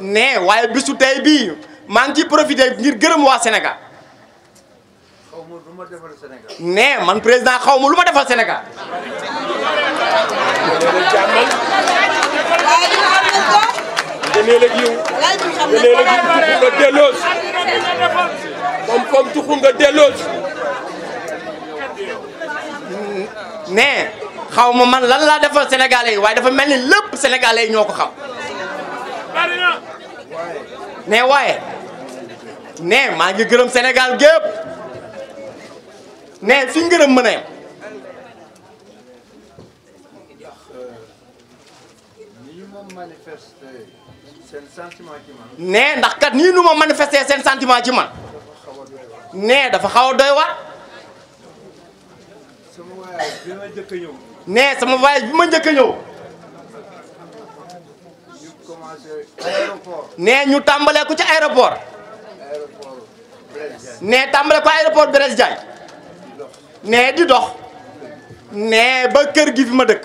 ne waye bisu tay bi ma ngi profiter ngir geureum wa senegal xawmu luma defal senegal ne man president xawmu luma defal senegal ne xawma man lan la defal senegalais yi dafa melni lepp senegalais ñoko xam. ne waaye ne maa ngi gërëm Sénégal gépp ne fi ngërëm mën a yem ne ndax kat nii nu ma manifester seen santiment ci man ne dafa xaw a doy waar ne sama voyage bi ma njëkk a ñëw nee ñu tàmbalee ko ci aéroport né tàmbale ko aéroport Blaise Diagne né di dox né ba kër gi fi ma dëkk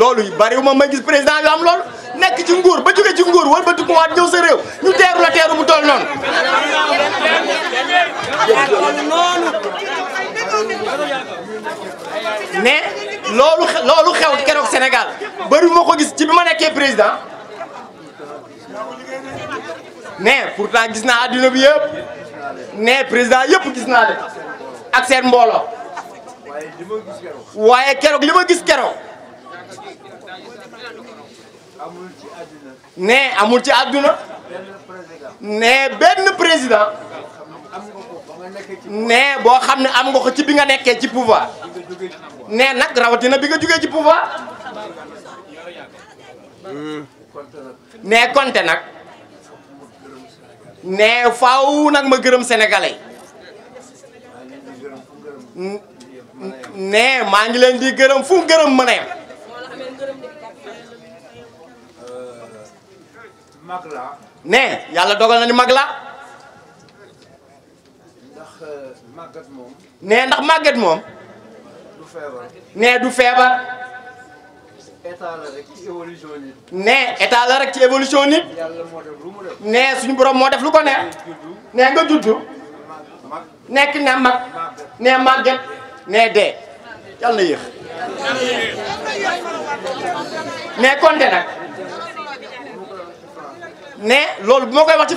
lolou bari wu ma ma gis président yu am loolu nek ci nguur ba jóge ci nguur wala ba tukkuwaat ñew sa rew ñu téru la téru mu tol non né loolu loolu xew keroog Sénégal bëri ma ko gis ci bi ma nekkee président mais pourtant gis naa adduna bi que mais président yëpp gis naa de ak seen mbooloo waaye keroog li ma gis keroog ne amul ci àdduna ne benn président né, boo xam ne am nga ko ci bi nga nekkee ci pouvoir ne nag rawatina bi nga jugee ci pouvoir nee Konté nag ne faw nag ma gërëm sénégalais nee maa ngi leen di gërëm fu gërëm mën a yem nee yàlla dogal na ni mag la euh, nee ndax màgget moom ne du feebar. état la rek ci évolution nit. ne état la rek suñu borom moo def lu ko neex. ne nga juddu. nekk nga mag. ne màgget. ne dee. yàlla na yéex. ne konte ne loolu bu ma koy wax ci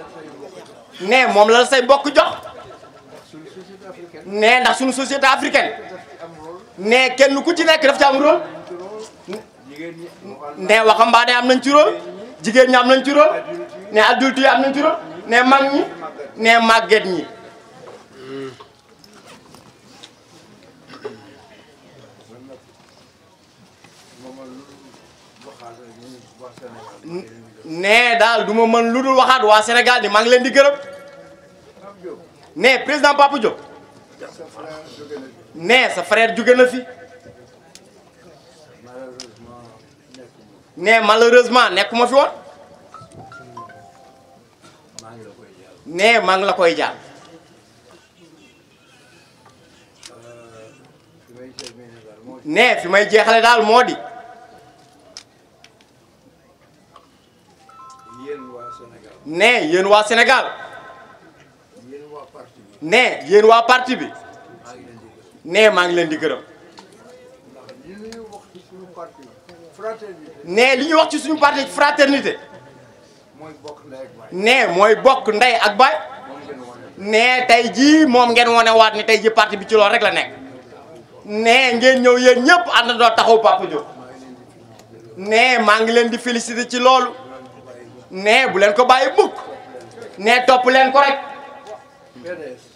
ne moom la la say bokk jox ne ndax suñu société africaine ne kenn ku ci nekk daf ci am rôle ne waxambaane am nañ ci rool jigéen ñi am nañ ci rôle ne adulte am nañ ci rôle ne mag ñi ne màgget ñi ne daal du ma mën lu dul waxaat waa Sénégal ni maa ngi leen di gërëm né président Papa Diop ne sa frère jóge na fi né malheureusement nekkuma fi woon ne maa ngi la koy jaal né fi may jeexale daal moo di ne yéen Sénégal ne yéen waa parti bi ne maa ngi leen di gërëm ne li ñuy wax ci suñu parti fraternité ne mooy bokk ndey ak baay ne tey jii moom ngeen wane waat ni tey ji parti bi ci loolu rek la nekk ne ngeen ñëw yéen ñëpp doo taxaw Papa Diop ne maa ngi leen di féliciter ci loolu ne bu leen ko bàyyi bukk ne topp leen ko rek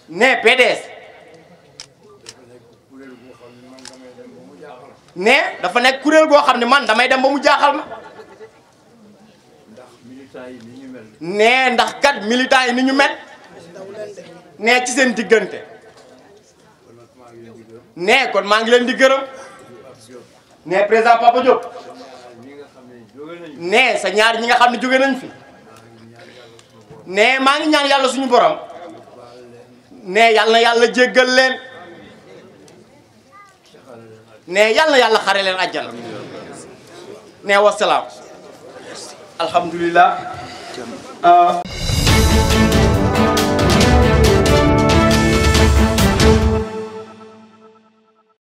ne PDS ne dafa nekk kuréel goo xam ne man damay dem ba mu jaaxal ma ne ndax kat militants yi ni ñu mel ne ci seen diggante ne kon maa ngi leen di gërëm présent président Papa Diop ne sa ñaar ñi nga xam ne jóge nañ fi ne maa ngi ñaan yàlla suñu borom ne yàlla na yàlla jéggal leen ne yàlla na yàlla xare leen àjjana ne wasalaam alhamdulilah